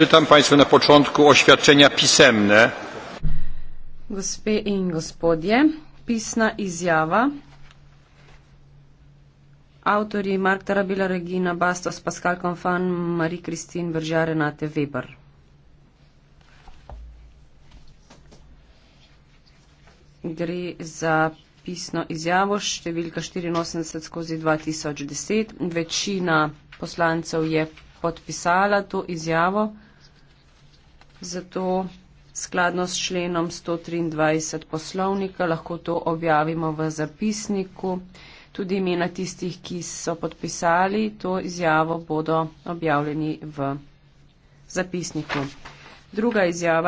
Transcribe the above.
Witam Państwa na początku oświadczenia pisemne. Gospe in gospodje, pisna izjava. Autori Mark Tarabila, Regina Bastos, Pascal Confan, Marie-Christine Berger, Renate Weber. Gre za pisno izjavo številka 84 skozi 2010. Večina poslancev je podpisala to izjavo zato skladno s členom 123 poslovnika lahko to objavimo v zapisniku. Tudi imena tistih, ki so podpisali to izjavo, bodo objavljeni v zapisniku. Druga izjava.